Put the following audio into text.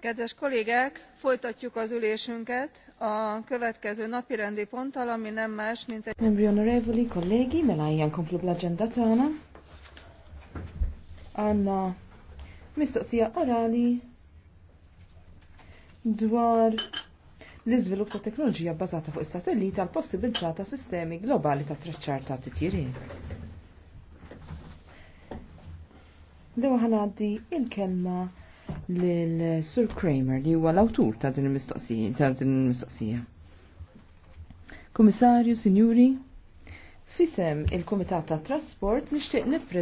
kedves kollégák folytatjuk az ülésünket a következő napirendi ponttal ami nem más mint egy. membri onorevoli kollegi mela hija nkomplu bl-aġenda tagħna Anna mistoqsija orali dwar l-iżvilupp ta' teknoloġija bbażata fuq is-satellit għal possibilità ta' sistemi globali ta' traċċar ta' titjiriet. Dewa ħanaddi il-kelma l sur Kramer li huwa l-awtur ta' din il-mistoqsija. Komissarju, Signuri, Sinjuri, fisem il-Kumitat ta' Trasport nixtieq nipre